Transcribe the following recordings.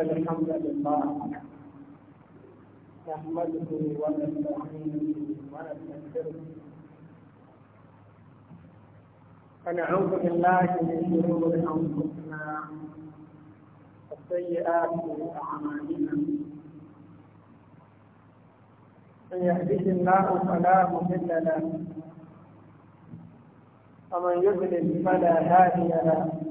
الحمد لله نحمده ونستعينه ونستغفره ونعوذ بالله من شرور انفسنا وسيئات اعمالنا من يهده الله فلا مضل له ومن يضلل فلا هادي له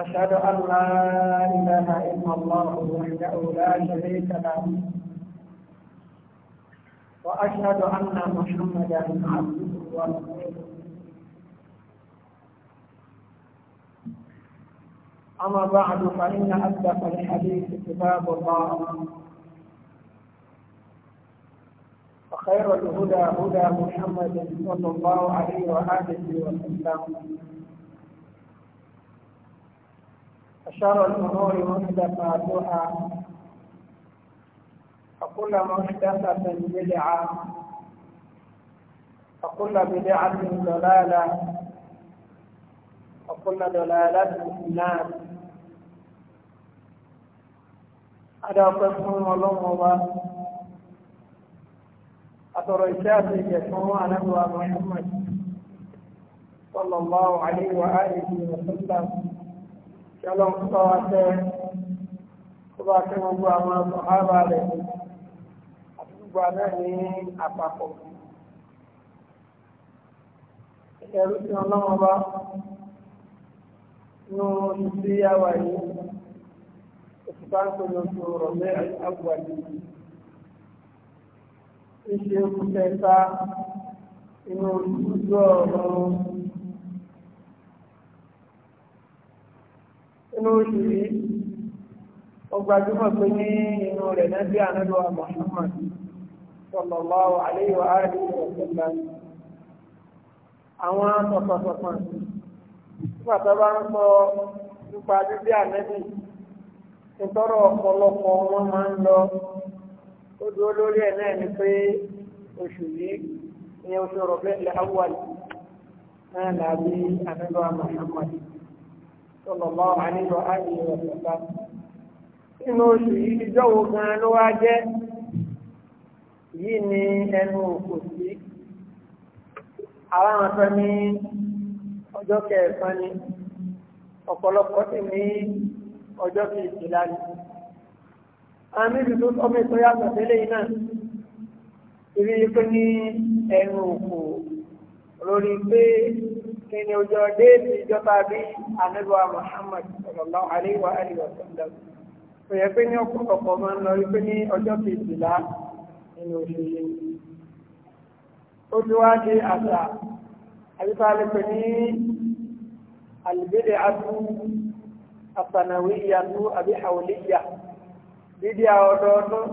أشهد أن لا إله إلا الله وحده لا شريك له وأشهد أن محمدا عبده ورسوله أما بعد فإن أصدق الحديث كتاب الله وخير الهدى هدى محمد صلى الله عليه وآله وسلم وشر الأمور محدثاتها وكل محدثة بدعة وكل بدعة ضلالة وكل ضلالة في النار هذا قسم ولوم أتريشات يسوع نبوة محمد صلى الله عليه وآله وسلم kẹlọ ń kọ́ afẹ́ kó bá kẹ́ gbogbo àwọn ọ̀hábà rẹ̀ àti gbogbo àná ní àpapọ̀ ẹ̀rú sí ọlọ́wọ́n bá nú ìdí àwà yìí oṣù bá ń rọ̀lẹ́ àgbà yìí ń ṣe inú ojú ọ̀run inú oṣù yìí ó pé ní inú rẹ̀ náà bí ànádọ́wà Muhammad sallallahu alaihi ìtọ́rọ ọ̀pọ̀lọpọ̀ wọn máa ń lọ ó dúró lórí pé oṣù yìí ìyẹn oṣù rọ̀bẹ́ ilẹ̀ náà làbí sọlọ́mọ àníbọ̀ áyè ọ̀sọ̀ta nínú oṣù yìí ìjọ wo gan ló wá jẹ́ yìí ni ẹnu òkò sí àwọn afẹ́ ní ọjọ́ kẹsàn-án ni ọ̀pọ̀lọpọ̀ sì ní ọjọ́ kejìlá ni àmì ìlú tó sọmọ ètò yàtọ̀ sílẹ̀ iná ìrírí pé ní ẹnu òkò lórí pé kíni ojú ọdẹ ti ìjọba bí anábíwá Muhammad sallallahu alaihi wa alihi wa sallam kò yẹ pé ní ọ̀pọ̀lọpọ̀ máa ń lọ rí pé ní ọjọ́ kejìlá nínú oṣù yìí ó ti wá di àṣà àbíká lè ní àlùbídẹ̀ atú àtànàwí ìyàtú àbí àwòlíyà dídí ọdọọdún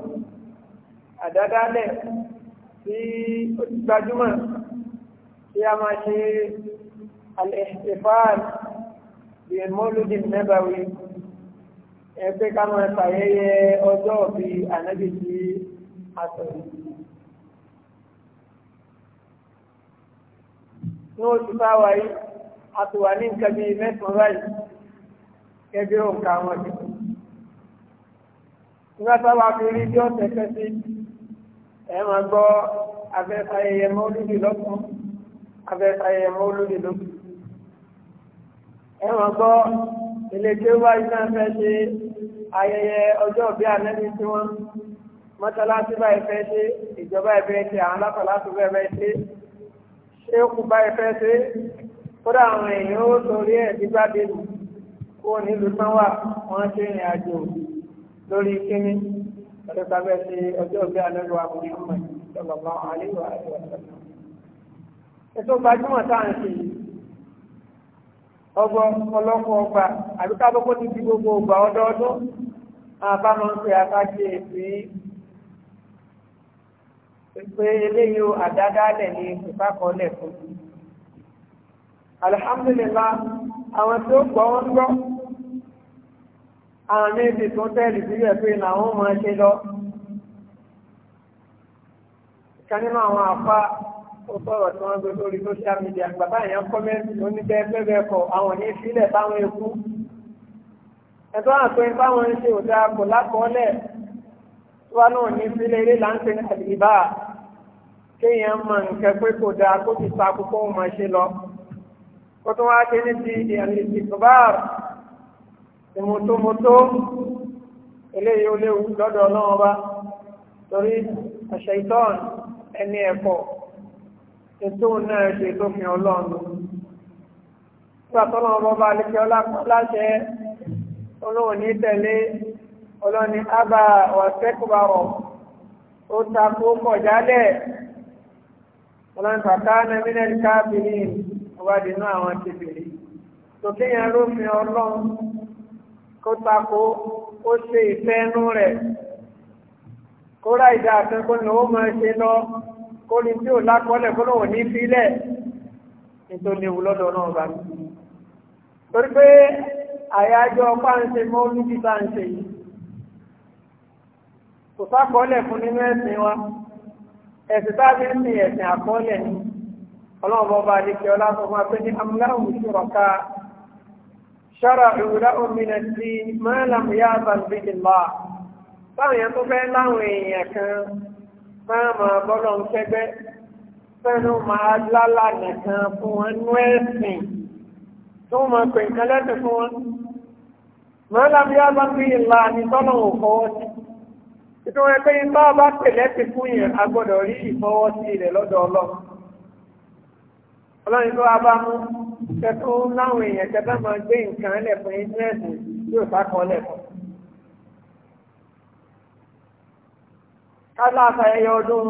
àdádálẹ̀ tí ó ti gbajúmọ̀ tí a máa ṣe al-ihtifal bimoludi nabawi ẹgbẹ́ ká máa ṣàyẹyẹ ọjọ́ bí ànábì sí àtọ̀rí. ní oṣù táwa yìí a ti wà ní nǹkan bíi mẹ́sàn-án báyìí kẹ́bí òǹkà wọn ti. nígbà táwa fi rí bí ọ̀sẹ̀ fẹ́ sí ẹ máa gbọ́ abẹ́sàyẹyẹ mọ́lúdì lọ́sàn-án abẹ́sàyẹyẹ mọ́lúdì lọ́sàn-án ẹ̀wọ̀n gbọ́ ilé tí ó wá iná fẹ́ ṣe ayẹyẹ ọjọ́ bí anẹ́bí tí wọ́n mọ́tàláṣí báyìí fẹ́ ṣe ìjọba ẹ̀fẹ́ ṣe àwọn alákọ̀ọ́láṣí bẹ́ẹ̀ ṣe ṣé ó kú báyìí fẹ́ ṣe kódà àwọn èèyàn ó torí ẹ̀ dígbàdé lù kó nílùú tán wà wọ́n ṣe ìrìn àjò lórí kíní ọjọ́ sábẹ́ ṣe ọjọ́ bí anẹ́bí wa kò ní ọmọ ìjọba àlejò àti ọ̀sán. ètò gbajúmọ̀ táà ń ṣe yìí ọgbọ ọlọ́pọ̀ ọgbà àbí kábọ́kọ́ ti di gbogbo ọgbà ọdọọdún àbámọ́ ń pè àkájẹ èsì pé eléyìí ó àdádálẹ̀ ní ìfàkọọ́lẹ̀ fún mi. alhamdulillah àwọn tí ó gbọ́ wọn gbọ́ àwọn méjì tó tẹ́lì sílẹ̀ pé làwọn máa ṣe lọ. ìkan nínú àwọn àfa ó sọ̀rọ̀ tí wọ́n gbé lórí social media bàbá èèyàn kọ́mẹ́ntì ló ní bẹ́ẹ̀ bẹ́ẹ̀ bẹ́ẹ̀ kọ àwọn ní ìfilẹ̀ báwọn eku ẹ̀tọ́ àpẹ báwọn ń ṣe òdà kò lákọọ́lẹ̀ tó wá náà ní ìfilẹ̀ ilé là ń pè ní àdìbà kéèyàn mọ nǹkan pé kò dáa kó ti ta kókó òun máa ṣe lọ kó tó wá ké ní ti ìtìkọ́bá ìmọ̀tòmọ̀tò eléyìí ó léwu lọ́dọ̀ ọlọ́run ọba torí àṣẹ ìtọ́ọ̀nù ẹni ẹ̀kọ́ ètò náà ṣe tó fi ọlọ́run nígbà tọ́lọ́ ọmọ bá lè fi ọlá kan láṣẹ olóhùn ní tẹ̀lé ọlọ́ni ábà ọ̀sẹ́kùbárọ̀ ó takò pọ̀ jálẹ̀ ọlọ́ni kàkà nẹ́mínẹ́lì káàbìrì ọwádìí náà àwọn ti bèrè tòkíyàn ló fi ọlọ́run kó takò ó ṣe ìfẹ́ inú rẹ̀ kó ráìdá àtẹ́kùn ni ó máa ṣe lọ kóni tí ò lákọọ́lẹ̀ kó lóun ní sílẹ̀ nítorí ewu lọ́dọ̀ náà bá mi. torí pé àyájọ́ páńṣe mọ́ níbi páńṣe yìí kò sákọọ́lẹ̀ fún nínú ẹ̀sìn wa ẹ̀sìn táàbí ń sin ẹ̀sìn àkọọ́lẹ̀ ni ọlọ́run bọ́ba adékẹ́ ọlá tó máa pé ní amúláhùn ṣùrọ̀ká ṣọ́ra ìwúrá òmìnira sí mọ́ẹ́làmù yáàbà ń ìlà báwọn yẹn tó fẹ́ láwọn èèyàn kan máa máa bọ́lọ̀ ń kẹ́gbẹ́ fẹ́nu máa lálànà kan fún wọn nú ẹ̀sìn tó máa pè nǹkan lẹ́sìn fún wọn. màá lábí ábábí ìlà ni tọ́nà ò fọwọ́ sí. nítorí pé iná bá pè lẹ́sìn fún yẹn a gbọ́dọ̀ rí ìfọwọ́sí rẹ̀ lọ́dọ̀ ọlọ́run. ọlọ́run tó wá bá mú kẹtù láwọn èèyàn kẹtà máa gbé nǹkan lẹ̀ fún ẹ̀sìn yóò sá kan lẹ̀ fún. kálá àtàyẹyẹ ọdún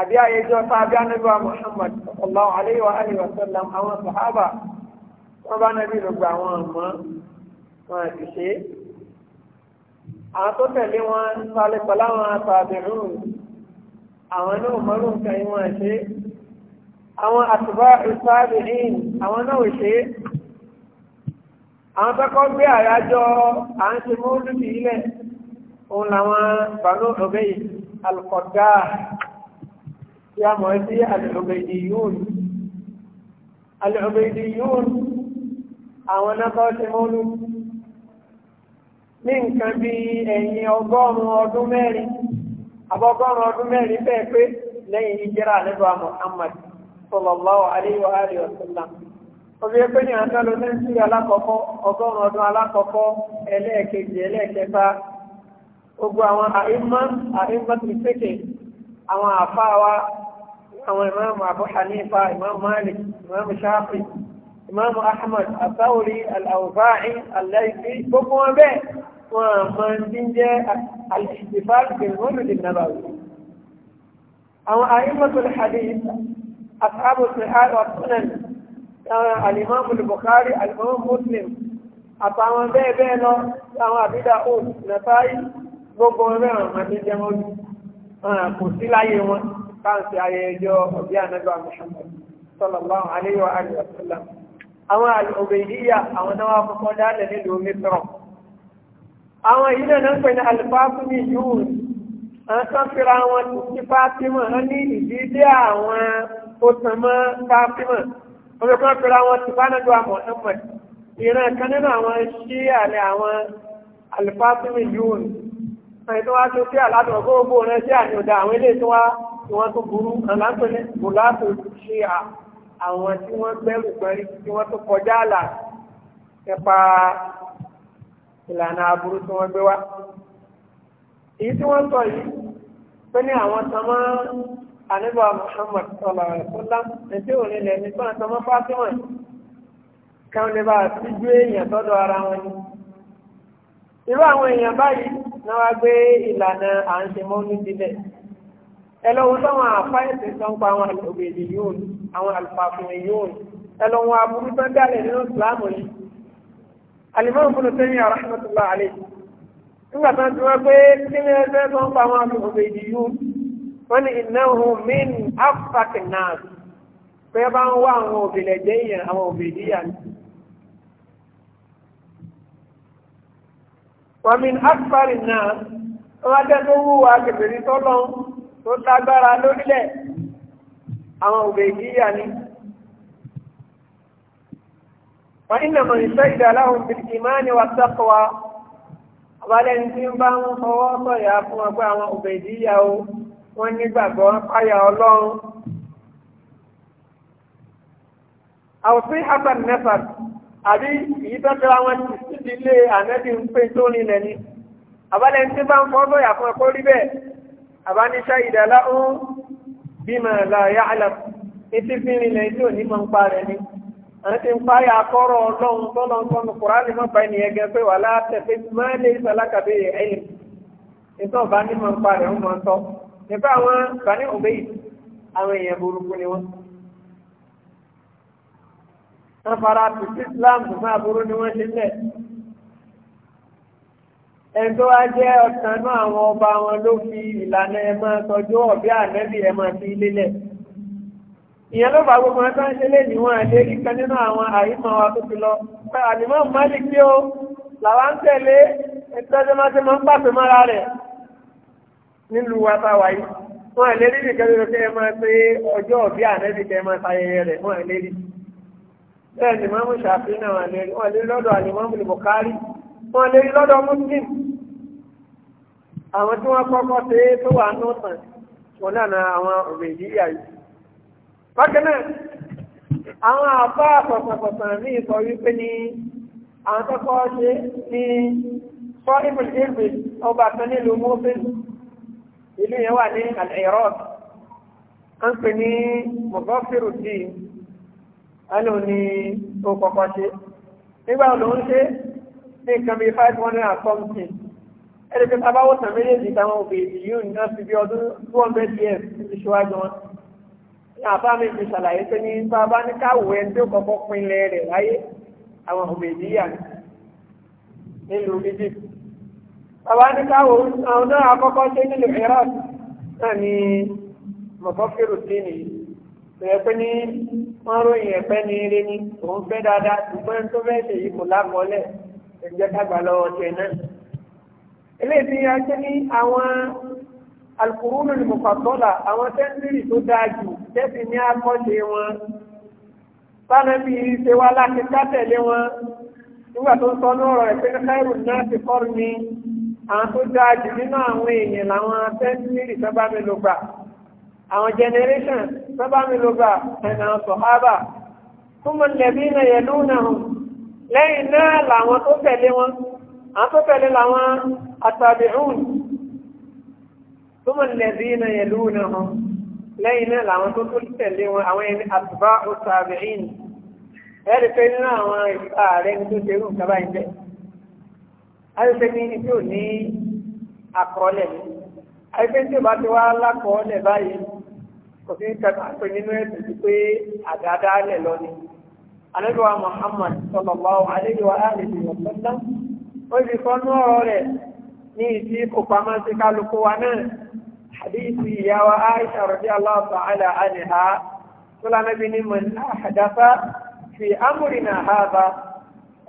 àbí àyẹjọ tá a bí anábíwá Muhammad sallallahu alayhi wa alihi wa sallam àwọn sàhábà wọn bá nábì ló gba àwọn ọmọ wọn àti ṣe àwọn tó tẹ̀lé wọn sálẹ̀ pẹ̀lú àwọn àtàbẹ̀rún àwọn náà mọ́rún nǹkan yìí wọn ṣe àwọn àtùbá ìsáàbìrín àwọn náà ṣe àwọn tọ́kọ́ gbé àyájọ́ à ń ṣe mọ́lúbì ilẹ̀ òun làwọn bàánú ọ̀gẹ́ yìí tí a mọ̀ sí alìọ̀bẹ̀dìyún alìọ̀bẹ̀dìyún àwọn náà ṣe mọ́lú ní nǹkan bí ẹ̀yìn ọgọ́rùn-ún ọdún mẹ́rin àbọ̀gọ́rùn-ún ọdún mẹ́rin bẹ́ẹ̀ pé lẹ́yìn ìjẹ́ra àlẹ́bàá Muhammad sallallahu alaihi wa alihi wa gbogbo àwọn àìmọ́ àìmọ́ ti pékè àwọn àfáwa àwọn ìmáàmù Abu Hanifa ìmáàmù Malik ìmáàmù Shafi ìmáàmù Ahmad asáwòrí al-Awza'i al-Laythi gbogbo wọn bẹ́ẹ̀ wọn máa ń dín jẹ́ al-ihtifal bil mawlid an-nabawi àwọn àìmọ́ tó lè hadith ashabu sihar àbídà òun nàfáì gbogbo náà wọn ti jẹ wọn kò sí láyé wọn káàsì ayẹyẹjọ ọbí ànágbà Muhammad sallallahu alayhi wa alihi wa sallam àwọn al-Ubaydiyya àwọn náà wà kọ́kọ́ dálẹ̀ nílùú Mísírọ̀ àwọn yìí náà ń pè ní alifásúnì yìí àwọn kan fira wọn ti Fátímà wọn ní ìdílé àwọn tó tàn mọ́ Fátímà wọn fi kan fira wọn ìran kan nínú àwọn ṣí àlẹ́ àwọn alifásúnì yìí ẹni tó wá tó sí àládùn ọgọ́ ogbó rẹ sí àyọ̀dá àwọn ilé tó wá tí wọ́n tó burú aláǹtọ́lẹ̀ bùlátò ṣe àwọn tí wọ́n gbẹ́rù gbẹ́rí tí wọ́n tó kọjá àlà nípa ìlànà aburú tí wọ́n gbé wá. èyí tí wọ́n sọ yìí pé ní àwọn tọmọ́ àníbà Muhammad sallallahu alaihi wasallam ẹ̀tí òní lẹ́ni tọ́nà tọmọ́ Fátímà káwọn lè bá síjú èèyàn tọ́dọ̀ ara wọn ni irú àwọn èèyàn báyìí náà wá gbé ìlànà à ń ṣe mọ́ ní sílẹ̀ ẹlọ́wọ́ táwọn àfáìsì sọ ń pa àwọn òbèdè yóò àwọn àlùfàfún yóò ẹlọ́wọ́ aburú tó dálẹ̀ nínú ìsìláàmù yìí alimọ́n fún tẹ́yìn àràmọ́tòlá àlẹ́ nígbà tó ti wọ́n pé kí ẹgbẹ́ tó ń pa àwọn òbèdè yóò wọ́n ní ìnáwó min afak náà pé bá ń wá àwọn òbèlè wàmí akpari náà ọlọ́jẹ́ tó wú wa kẹfẹ́rí tó lọ tó lágbára lórílẹ̀ àwọn òbè yíyà ni. wọ́n ní nàmọ̀ ìṣẹ́ ìdáláhùn bìtìmáàni wa sàkọwà àbálẹ̀ ní tí ń bá ń fọwọ́ sọ̀yà fún wa àwọn òbè yíyà o wọ́n nígbàgbọ́ páyà ọlọ́run. àwòsí hasan nefas àbí ìyí tó tẹ́ra wọn ti ti lé ànẹ́bí ń pè tó nílẹ̀ ni àbálẹ̀ ń tí bá ń fọ́ bóyá fún ẹkọ́ rí bẹ́ẹ̀ àbáníṣẹ́ ìdàlá ń bímọ làyà àlà etí fi rinlẹ̀ tí ò ní mọ̀ ń pa rẹ̀ ni àwọn ti ń páyà akọ́rọ̀ ọlọ́run tọ́lọ́ sọ́nu kùránì mọ́ bá ẹnìyẹn gẹ pé wà látẹ̀ pé máa lè sàlákàbí ẹ̀yìn ètò ọba ní mọ̀ ń pa rẹ̀ ń mọ̀ ń tọ́ nípa àwọn bani òbẹ́yì àwọn èèyàn burúkú ni wọ́n wọ́n fara tìtì islam tó máa burú ni wọ́n ṣe lẹ̀ ẹni tó wá jẹ́ ọ̀kan náà àwọn ọba wọn ló fi ìlànà ẹmọ tọjú ọ̀bí ànẹ́bì ẹmọ sí lélẹ̀ ìyẹn ló fà gbogbo ẹ̀tọ́ ń ṣe lè níwọ̀n àdé kíkan nínú àwọn àyíkọ̀ wa tó ti lọ àdìmọ́ mọ́lì kí ó làwọn ń tẹ̀lé ẹ̀tọ́jọ́ máa ṣe máa ń pàṣẹ mọ́ra wa tá wáyé wọ́n ìlérí nìkan lórí kẹ́ wọ́n ni mọ́mú ṣàfihàn àwọn ìlérí wọ́n lè lọ́dọ̀ muslim àwọn tí wọ́n kọ́kọ́ ṣe é tó wà nù tàn wọn náà na àwọn nàìjíríà yìí. bákan náà àwọn àbá pọ̀tàpọ̀tà ní ìsọ̀ wípé ní àwọn kọ́kọ́ ṣe ní fọ́ ibùdíèbè ọba kan nílùú mọ́fẹ́l ìlú yẹn wà ní al-Iraq ń pè ní mọ̀gọ́fìrù díì ẹnu ni ó kọ́kọ́ ṣe nígbà wọn lòún ṣe ní nǹkan bíi five hundred and something ẹni pé tábà wọ́n tàbí èdè táwọn òbèèrè yóò ní láti bí ọdún two hundred years ti ṣíwájú wọn. ní àbá mi ti ṣàlàyé pé ní bàbá ní káwọ ẹni tó kọ́kọ́ pinlẹ̀ rẹ̀ láyé àwọn òbèèrè yà nílùú méjì. bàbá ní káwọ àwọn náà àkọ́kọ́ ṣe nílùú Iraq náà ní mọ̀kọ́fẹ́rù sí nìyí. bẹ̀rẹ̀ pé ní wọ́n ròyìn ẹ̀pẹ́ ní eré ní òun fẹ́ dáadáa ṣùgbọ́n tó fẹ́ ṣèyí kò lákọọ́lẹ̀ ẹ̀jẹ̀ dàgbà lọ́wọ́ tiẹ̀ náà eléyìí a ṣe ní àwọn alukùrúnù ní mọ̀fàtọ́là àwọn tẹ́ńtìrì tó dáa jù tẹ́sí ní akọ́ṣe wọn sanabi ṣe wá láti sátẹ̀lé wọn nígbà tó ń sọ ní ọ̀rọ̀ ẹ̀pẹ́ káìrù náà ti kọ́ ni àwọn tó dáa jù nínú àwọn èèyàn làwọn tẹ́ńtìrì sábà mi ló gbà àwọn generation sábà mi ló gbà ẹ̀nà sọ̀hábà túmọ̀ lẹ́bí náà yẹ lónà lẹ́yìn náà làwọn tó tẹ̀lé wọn àtọ́tẹ̀lé làwọn àtàbíhùn tó mọ̀ lẹ́bí na yẹ̀lú náà hàn lẹ́yìn náà làwọn tó tó tẹ̀lé wọn àwọn ẹni àtùbá òtàbíhìn ẹ̀rì pé nínú àwọn ìgbà rẹ̀ ní tó ṣerú nǹkan báyìí jẹ́ ní ibi ò ní àkọọ́lẹ̀ ayọ́pẹ́ tí ó bá ti wá lákọọ́lẹ̀ báyìí kò sí ó sì fọ́nú ọ̀rọ̀ rẹ̀ ní ìdí kò pamọ́ sí kálukú wa náà hadithi wa aisha radiyallahu ta'ala anha tó lánàbí ní man na fi amrina hadha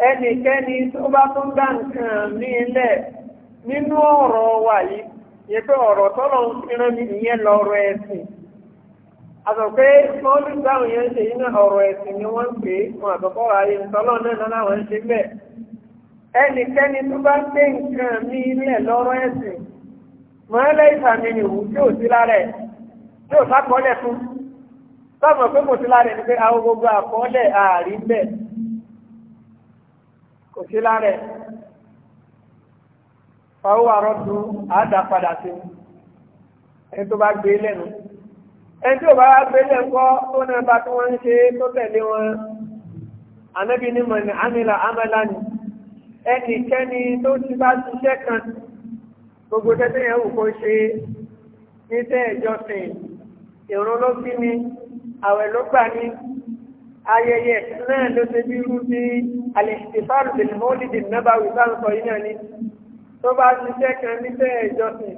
ẹnikẹ́ni tó bá tún dá nǹkan ní ilẹ̀ nínú ọ̀rọ̀ yìí yẹ pé ọ̀rọ̀ tọ́lọ̀ ń ìyẹn lọ́rọ̀ ẹ̀sìn àtọ̀ pé yẹn ń ṣe yín náà ọ̀rọ̀ ẹ̀sìn ni wọ́n ń pè é wọn àtọ̀kọ́ ayé ìtọ́lọ́ náà náà wọ́n ń ṣe bẹ́ẹ̀ ẹnikẹ́ni tó bá gbé nǹkan mi lẹ̀ lọ́rọ̀ ẹ̀sìn mọ́lẹ́ ìfàmì ni òun tí ò sí lára ẹ̀ tí ò bá kọ́lẹ̀ fún tọ́mọ̀ pé kò sí lára ẹ̀ ni pé àwọn gbogbo àkọọ́lẹ̀ ààrí bẹ́ẹ̀ kò sí lára ẹ̀ fàwọ́ àrọ́tù àádá padà sí ẹni tó bá gbé lẹ́nu ẹni tí ò bá wá gbé lẹ́nu kọ́ tó náà bá tí wọ́n ń ṣe tó tẹ̀lé wọn ànábì ní mọ̀ ní amílà amẹ́lá ni ẹnikẹ́ni tó ti bá ṣiṣẹ́ kan gbogbo tẹ́tẹ́ yẹn wù kó ṣe níṣẹ́ ìjọsìn ìrún ló kí ni àwẹ̀ ló gbà ní ayẹyẹ náà ló ṣe bí irú bí alẹ́sìtìfáàlù bẹ̀rẹ̀ mọ́lìdì nọ́bà wìbáà ń yìí náà ni tó bá ṣiṣẹ́ kan níṣẹ́ ìjọsìn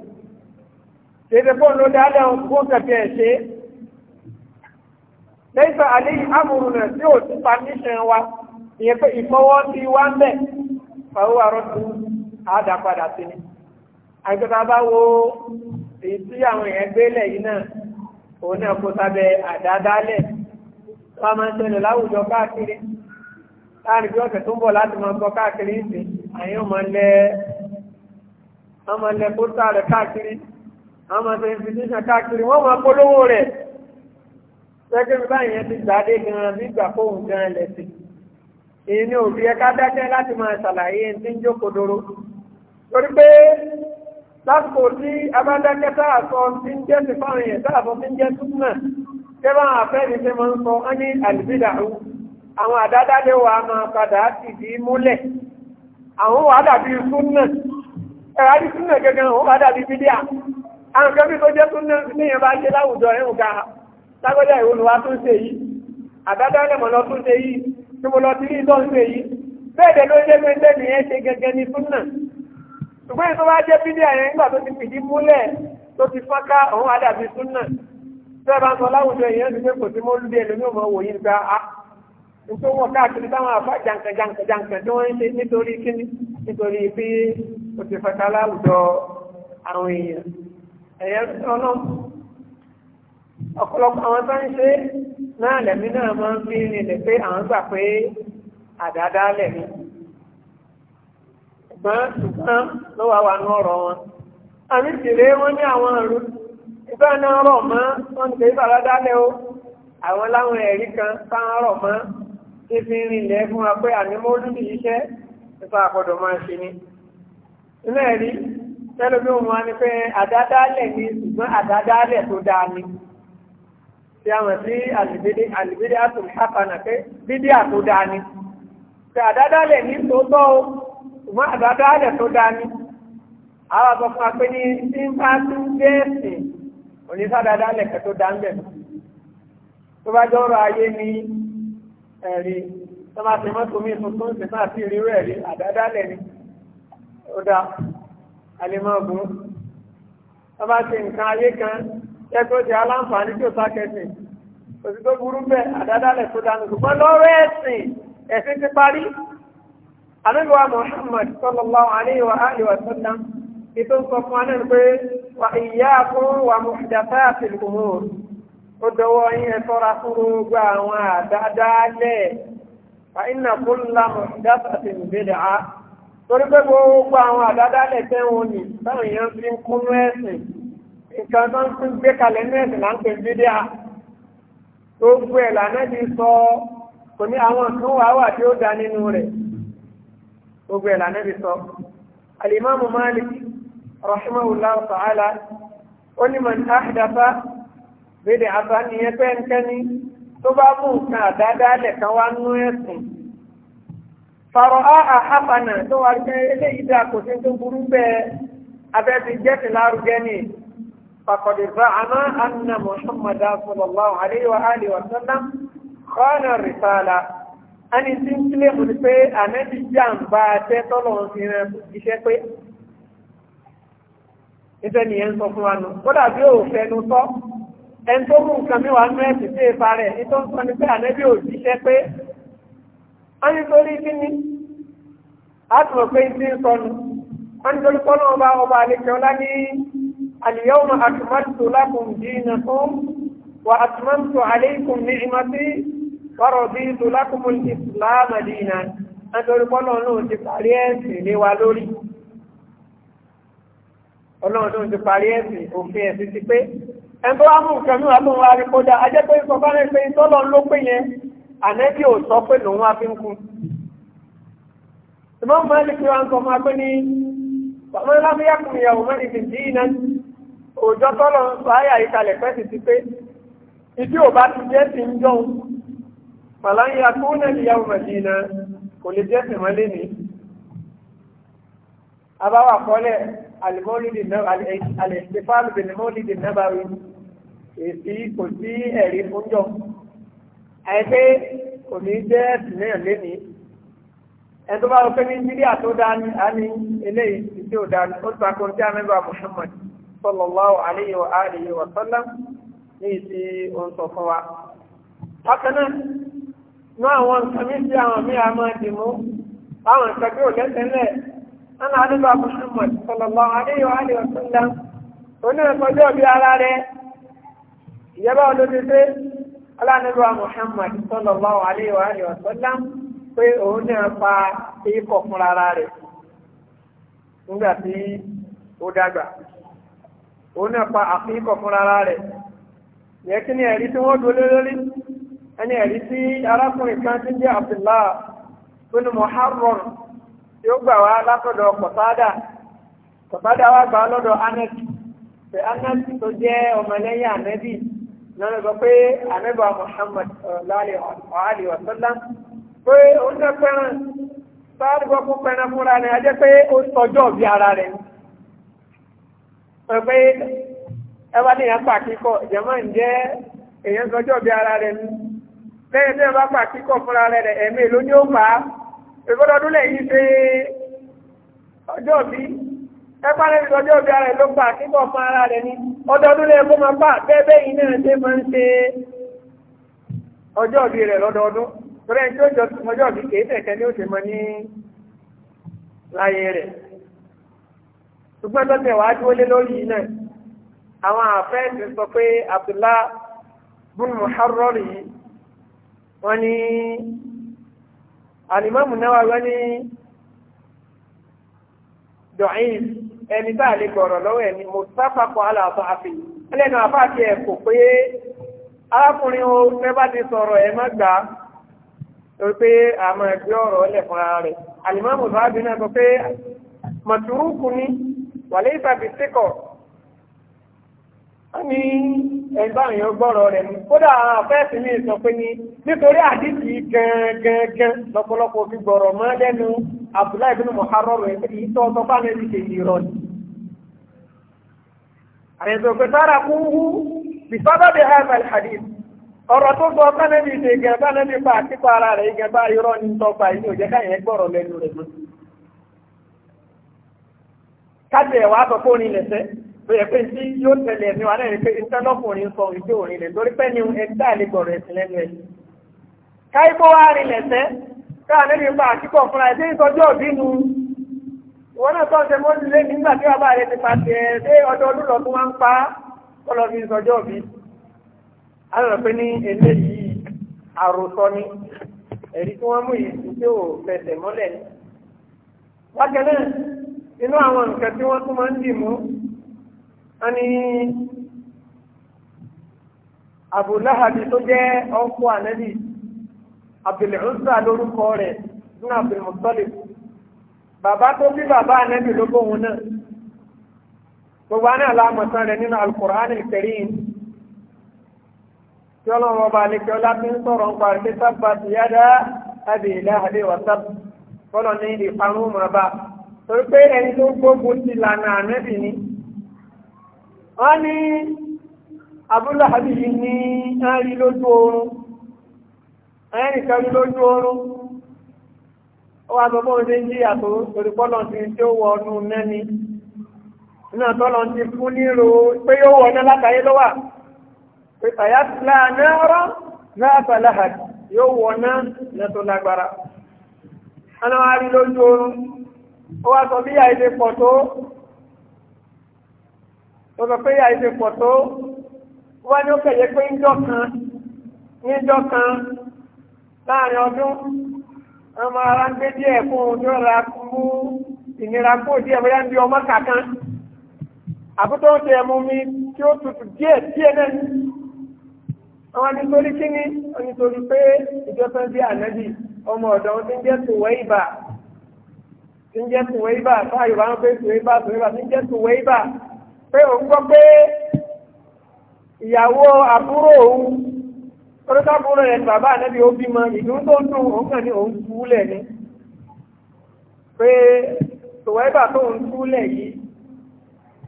tètè fóònù ló dáadáa gbó kẹfẹ́ ẹ̀ ṣe lẹ́yìn tó àlẹ́ yìí amúrùn náà tí ò ti pa níṣẹ́ wa ìyẹn pé ìfọwọ́ ti wá ń bẹ̀ fàwọ́ àrọ́tù àádápadà sí ni àgbẹ̀ta bá wo èyí tí àwọn èèyàn gbélẹ̀ yìí náà òun náà kó sábẹ́ àdádálẹ̀ wọ́n a máa ń tẹ̀lé láwùjọ káàkiri láàrin bí ọ̀sẹ̀ tó ń bọ̀ láti máa gbọ́ káàkiri ìsìn àyàn máa lẹ ọmọ lẹ pósítà rẹ̀ káàkiri àwọn máa tẹ̀lé fìdíṣàn káàkiri wọ́n máa polówó rẹ̀ sẹ́kẹ́rì báyìí ti gbàdé gan-an nígbà fóun gan-an lẹ̀sìn èyí ni òbí ẹ̀ka dákẹ́ láti máa ṣàlàyé tí ń jókòdoro torí pé lásìkò tí a bá dákẹ́ sáàsọ tí ń jẹ́ sí fáwọn èèyàn sáàsọ tí ń jẹ́ súnmọ̀ tẹ́ bá wọn fẹ́ ní ṣe máa ń sọ wọ́n ní àlùbídàrú àwọn àdádálé wa máa padà sì di múlẹ̀ àwọn wà dàbí súnmọ̀ ẹ̀rọ adí súnmọ̀ gẹ́gẹ́ wọn wà dàbí bídíà àwọn kẹ́bí tó jẹ́ súnmọ̀ níyẹn bá ṣe láwùjọ ẹ̀hùn ká lágbọ́dá ìwòlùwà tó ń ṣe yìí àdádálé tí mo lọ sí ní ìtọ́ ìgbé yìí bẹ́ẹ̀dẹ̀ ló jẹ́ pé tẹ́lẹ̀ yẹn ṣe gẹ́gẹ́ ní súnà ṣùgbọ́n ìtọ́ bá jẹ́ bídí àyẹ̀ nígbà tó ti fìdí múlẹ̀ tó ti fọ́nká òun àdàbí súnà tẹ́ bá ń sọ láwùjọ ìyẹn ti pé kò sí mọ́ lúdí ẹlòmí ò mọ̀ wò yí ah, nípa a nítorí wọn káàkiri táwọn àfa jàǹkàn jàǹkàn jàǹkàn tí wọ́n ń ṣe nítorí kíní nítorí bí kò ti fọ́nká láwùjọ àwọn èèyàn ẹ̀yẹ́ ọlọ́run ọ̀pọ̀lọpọ̀ àwọn tó ń ṣe náà lẹ̀mí náà máa ń fi rinlẹ̀ pé àwọn gbà pé àdáadá lẹ̀mí ṣùgbọ́n ṣùgbọ́n ló wà wà ní ọ̀rọ̀ wọn àmì ìṣẹ̀lẹ̀ wọn ní àwọn ìlú ìgbà náà rọ̀ mọ́ wọn ní pé bàbá o àwọn láwọn ẹ̀rí kan táwọn rọ̀ mọ́ tí fi rinlẹ̀ fún wa pé àní mo lù ní iṣẹ́ nípa àkọ́dọ̀ máa ṣe ni ilé ẹ̀rí tẹ́lómi òun wa ni pé àdáadáa lẹ̀ ni ṣùgbọ́n àdáadáa lẹ̀ tó dáa ni tí a mọ̀ sí àlìbídí àlìbídí àtùn ṣàkànà pé bídí àtò dáa ni tí àdádálẹ̀ ní tòótọ́ o ṣùgbọ́n àdádálẹ̀ tó dáa ni àwọn àgbọ̀ fún wa pé ní tí ń bá tún gẹ̀ẹ́sì onísàdádálẹ̀ kẹ́ tó dáa ń bẹ̀ tó bá jọ́rọ̀ ayé ní ẹ̀rí tó bá ti mọ́tò mí tuntun sì máa fi rírú ẹ̀rí àdádálẹ̀ ni ó dáa alẹ́ mọ́ ọ̀gbọ́n tó bá ti nǹkan ayé kan ẹgbẹ́ ti aláǹfààní tí ó sákẹ́sìn òsì tó burú bẹ́ẹ̀ àdádálẹ̀ tó dánù ṣùgbọ́n lọ́rọ̀ ẹ̀sìn ẹ̀sìn ti parí àdúgbò Muhammad sallallahu alayhi wa alihi ètò ń sọ fún wa pé wà ìyá fún ó dọwọ́ yín ẹ tọ́ra fún gbogbo àwọn àdádálẹ̀ torí pé gbogbo àwọn àdádálẹ̀ tẹ́wọ̀n ni èèyàn fi ń ẹ̀sìn nǹkan tó ń tún gbé kalẹ̀ ní ẹ̀sìn láǹpẹ̀ fídíà tó gbé ẹ̀ lànà ti sọ kò ní àwọn kan wà wà tí ó da nínú rẹ̀ tó gbé ẹ̀ lànà ti sọ. alimami malik rahimahullah ta'ala ó ní man ahdatha bèdè àbá nìyẹn pẹ́ńkẹ́ni tó bá mú nǹkan àdáadáalẹ̀ kan wá nú ẹ̀sìn fàrọ̀ áhà hápanà tó wà ní eléyìí dà kò sí tó burú bẹ́ẹ̀ abẹ́bí jẹ́sìn lárugẹ nìyí. فقد زعم أن محمد صلى الله عليه وآله وسلم خان الرسالة أن سنتلي خلفي أنا بجان باتي طلعون فينا بشيكوي Ìjẹ́ ni ẹn sọ fún wa nù. Kódà bí ò fẹnu sọ, ẹn tó mú nǹkan mẹ́wàá nú ẹ̀sì sí ipa rẹ̀, ní ń sọ ni pé ànẹ́bí ò jíṣẹ́ pé, a ní torí kí ni, a tún mọ̀ pé ìdí ń sọnù, a ní torí pọ́nà ọba ọba àlejò ọlá اليوم أكملت لكم دينكم وأتممت عليكم نعمتي ورضيت لكم الإسلام دينا أنتم قالوا أنه تفعلي أسي لوالوري ọlọ́run tó ti parí ẹ̀sìn òfin ẹ̀sìn ti pé ẹgbẹ́ wa mú nǹkan mìíràn tó ń wá rí kódà ajẹ́ pé sọ fáwọn ẹgbẹ́ ìtọ́lọ́ ló pé yẹn ànẹ́bí ò sọ pé lòun wá fi ń kun. ìmọ̀ mọ́ ẹni pé wọ́n sọ fún pé ní bàbá ńlá fi yàkùn ìyàwó mẹ́rin ti dín iná òjò tọ́lọ báyà ìkàlẹ̀ pẹ́ ti ti pé ìdí ò bá ti jẹ́ ti ń jọun pàláyà tó nẹ́lì yàwó mẹ́dínà kò lè jẹ́ ti mọ́lé ní abáwà kọ́lẹ̀ alẹ́sìtẹ́fàlù bẹ̀rẹ̀ mọ́lìdì nábàwí èsì kò sí ẹ̀rí fún jọ àìpé kò ní jẹ́ ti náà lénìí ẹ̀tọ́ tí ó dání ó takò Muhammad sallallahu alayhi wa alihi wa sallam ní ìsí ohun sọ fún wa. bákan náà ní àwọn nǹkan mi sí àwọn mí àmọ́ ìdìmú àwọn nǹkan bí ò lẹ́sẹ̀lẹ̀ nínú àdúgbò Muhammad sallallahu alayhi wa alihi wa sallam onírẹ̀kọjọ́ bí ara rẹ̀ ìjọba olódédé alánàbíwá Muhammad sallallahu alayhi wa alihi wa sallam òun náà pa nígbà tí ó dàgbà òun náà pa àfihàn fún rárá rẹ̀ yẹ kí ni ẹ̀rí tí wọ́n dúró lórí ẹni ẹ̀rí tí arákùnrin kan ti jẹ́ Abdullah bin Muharrar tí ó gbà wá látọ̀dọ̀ Qatada Qatada wá gbà lọ́dọ̀ Anas pé Anas tó jẹ́ ọmọlẹ́yìn Ànábì lọ́nà sọ pé Ànábì Muhammad ọ̀hálì ọ̀sọ́lá pé ó ń tẹ́ pẹ́ràn sáà dùgbọ́ fún pẹ́ràn fúnra rẹ̀ ajẹ́ pé ó sọjọ́ bí ara pé ebe ní ìyàn pàkíkọ̀ ìjọmọ́ ń jẹ́ èyàn sọjọ́ bí ara rẹ̀ ní lẹ́yìn tí ẹbá pàkíkọ̀ fúnra rẹ̀ ẹ̀mí ló ní ó fà á ìfọ́dọ̀dún lẹ́yìn ṣe ọjọ́ bí rẹ̀ bí ara rẹ̀ ló pa fún ara rẹ̀ ní ọdọọdún kó máa yìí náà ṣe máa ń ṣe ọjọ́ bí rẹ̀ lọ́dọọdún ọjọ́ ni ó ṣe mọ ní láyé ṣùgbọ́n lọ́tẹ̀ wàá dúró lé lórí yìí náà àwọn àfẹ́ǹsì sọ pé Abdullah bin Muharrar yìí wọ́n ní alimami náà wọ́n ní dọ̀ín ẹni tá a lè gbọ̀rọ̀ lọ́wọ́ ẹni mustapha kọ́ aláàbọ̀ àfi ẹlẹ́nu àfáàkì ẹ̀ kò pé arákùnrin o mẹ́bà ti sọ̀rọ̀ ẹ̀ má gbà á torí pé àmọ́ ẹgbẹ́ ọ̀rọ̀ ẹlẹ̀ fúnra rẹ̀ alimami bàbí náà sọ pé mọ̀túrúkú ni. wàlẹ́ ife a ní ẹgbà èèyàn gbọ́rọ̀ rẹ̀ ní kódà àfẹ́ẹ̀sì mi sọ pé ní nítorí àdìsí gangan lọ́pọ̀lọpọ̀ fi gbọ́rọ̀ mọ́ lẹ́nu Abdullahi bin Muharrar rẹ̀ èyí tó ọtọ́ bá lẹ́nu ṣe ìrọ̀ ni. àrẹ̀sọ̀ pé sára kú ọ̀rọ̀ tó sọ bá lẹ́nu lẹ́nu ara rẹ̀ kájẹ ẹ̀wà sọ pé orin lẹ̀sẹ̀ tó yẹ pé tí yóò tẹ̀lé ẹ̀sìn wa náà pé iṣẹ́ lọ́kùnrin sọ ìgbé orin lẹ̀ lórí pẹ́ ni ẹgbẹ́ àlegbọ̀rọ̀ ẹ̀sìn lẹ́nu ẹ̀. káyíkó wá rin lẹ̀sẹ̀ káà níbi ipa àkíkọ̀ fúnra ẹ̀ sẹ́yìn sọjọ́ òbí nu ìwọ náà tó ń ṣe mọ́ nílé nígbà tí bàbá rẹ ti pàṣẹ dé ọjọ́ ọdún lọ tó máa ń pa kọ́lọ́ fi sọjọ́ òbí. a lọ pé ní eléyìí àròsọ ni ẹ̀rí tí wọ́n mú yìí tí ó fẹsẹ̀ mọ́lẹ̀ ni. wákẹ́ náà inú àwọn nǹkan tí wọ́n tún máa ń dì mú a ní Abu Lahabi tó jẹ́ ọkọ ànẹ́bì Abdul Uzza lórúkọ rẹ̀ nínú Abdul Muttalib bàbá tó bí bàbá ànẹ́bì ló bóun náà gbogbo àná àlámọ̀tán rẹ̀ nínú Al-Qur'an tí ọlọ́run ọba àlekẹ́ ọlá fi ń sọ̀rọ̀ ń parí pé sábà tìyádá Abi Lahabi wàsápù kọ́lọ̀ ní torí pé ẹni tó gbógun ti lànà ànẹ́bì ni wọ́n ní abúláhàbí yìí ní ẹ̀rí lójú oorun ẹ̀rìnkan rí lójú oorun ó wá sọ bóun ṣe ń jíyà ti tí ó wọ ọdún mẹ́ni iná tọ́lọ̀ ti fún níro pé yóò wọ ọdún látàyé lọ́wà pé tàyátìlá yóò wọ lẹ́tọ́ lágbára. ó wá sọ bí yàrá ìdè pọ̀ tó ó sọ pé yàrá ìdè pọ̀ tó ó wá ní ó kẹ̀yẹ pé ńjọ́ kan ńjọ́ kan láàrin ọdún ọmọ ara ń gbé díẹ̀ fún un tó ra mú ìnira kó díẹ̀ bóyá ń di ọmọ kàkan àbútó ń tẹ ẹmu mi tí ó tutù díẹ̀ díẹ̀ náà ní àwọn anisori kíni onítorí pé ìjọba ń bí ànábì ọmọ ọ̀dọ́ ń ti ń jẹ́ tòwẹ́ ìbà tí ń jẹ́ Suweiba sáà Yorùbá ń pè Suweiba Suweiba tí ń jẹ́ Suweiba pé òun gbọ́ pé ìyàwó àbúrò òun orókàbúrò rẹ̀ bàbá ànábì ó bímọ ìlú tó ń dùn òun kàn ní òun túlẹ̀ ni pé Suweiba tó ń túlẹ̀ yìí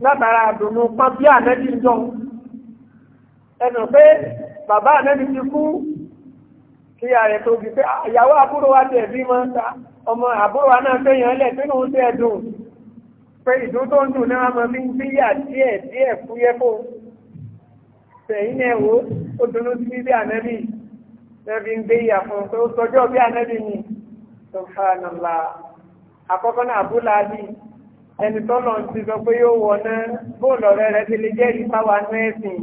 látara àdùnnú pọ́n bí ànábì ń jọ ẹnu pé bàbá ànábì ti kú tí a rẹ̀ tó bí pé ah, ìyàwó àbúrò wa tẹ̀ bí mọ́ ta ọmọ àbúrò wa náà fẹ́ yàn lẹ̀ tí lóun tẹ̀ dùn pé ìdún tó ń dùn náà mọ́ bí ń bíyà díẹ̀ díẹ̀ fúyẹ́ fò tẹ̀yìn náà wo ó dunu sí bí ànẹ́bí lẹ́bí ń gbé ìyà fún pé ó sọjọ́ bí ànẹ́bí ni sọ̀fànàlà àkọ́kọ́ náà àbúlà bí ẹni tọ́lọ̀ ti sọ pé yóò wọ̀ náà bóòlù ọ̀rẹ́ rẹ̀ ti lè jẹ́rìí sáwà nú ẹ̀sìn